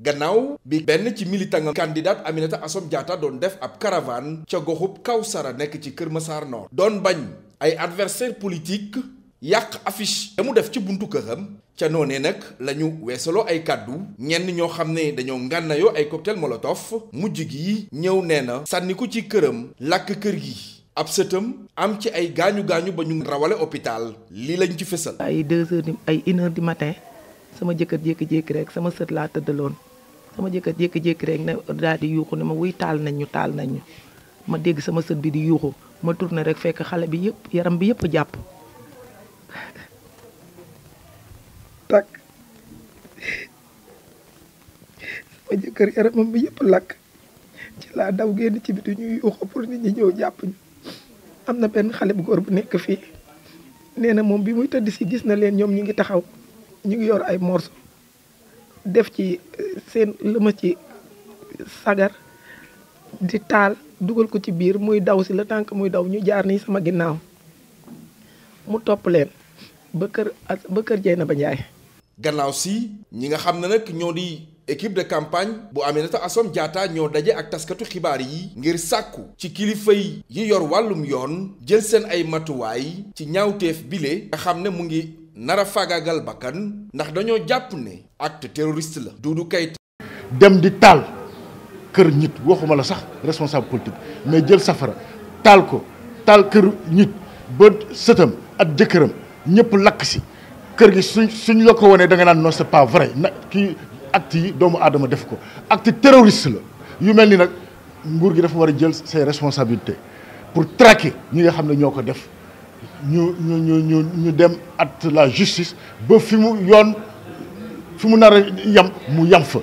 gannaaw bi benn ci militant candidat Aminata Assome Diatta doon def ab caravane ca goxub Kawsara nekk ci Kër Massar Nord doon bañ ay adversaire politique yàq affiche da mu def ci buntu këram ca noonee nag lañu ñu weesaloo ay kàddu ñenn ñoo xam ne dañoo ngànnayoo ay cocktail molotov mujj gi ñëw nee na sànni ko ci këram làkk kër gi ab sëtam am ci ay gaañu gaañu ba ñu rawale hôpital lii lañ ci fësal. ay deux heures ay une heure matin sama jëkkër jékki-jékki rek sama sët laa tëddaloon. sama jëkkër jékki-jékki rek ne daal di yuuxu ne ma wuy taal nañ ñu taal nañ ma dégg sama sët bi di yuuxu ma tourné rek fekk xale bi yëpp yaram bi yëpp jàpp. takk sama jëkkër yaramam bi yëpp lakk ci laa daw génn ci biti ñuy yuuxu pour nit ñi ñëw jàpp ñu am na benn xale bu góor bu nekk fii nee na moom bi muy tëdd si gis na leen ñoom ñu ngi taxaw ñu ngi yor ay morceau. def ci seen lëma ci sagar di taal dugal ko ci biir muy daw si la tànk muy daw ñu jaar nii sama ginnaaw mu topp leen ba kër ba kër Dieynaba Ndiaye si ñi nga xam ne nag ñoo di équipe de campagne bu Aminata Assome Diatta ñoo daje ak taskatu xibaar yi ngir sàkku ci kilifa yi yor wàllum yoon jël seen ay matuwaay ci ñaawteef bile nga xam ne mu ngi nara faagaagal bakkan ndax dañoo jàpp ne acte terroriste la. Doudou Keita. dem di taal kër ñit waxuma la sax responsable politique mais jël safara taal ko taal kër ñit bët sëtam ak jëkkëram ñëpp lakk si kër gi suñ suñ la ko wanee da nga naan non c'est pas vrai na kii acte yi doomu aadama def ko acte terroriste la yu mel ni nag nguur gi dafa war a jël say responsabilité pour traquer ñi nga xam ne ñoo ko def. ñu ñu ñu dem at la justice ba fi mu yoon fi mu nar a yam mu yam fa.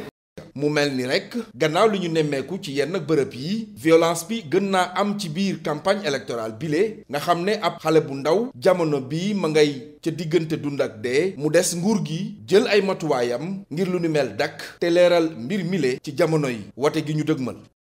mu mel ni rek gannaaw li ñu nemmeeku ci yenn bërëb yi violence bi gën naa am ci biir campagne électorale bile nga xam ne ab xale bu ndaw jamono bii ma ngay ca diggante dund ak dee mu des nguur gi jël ay matuwaayam ngir lu ni mel dakk te leeral mbir mile ci jamono yi wate gi ñu dëgmal.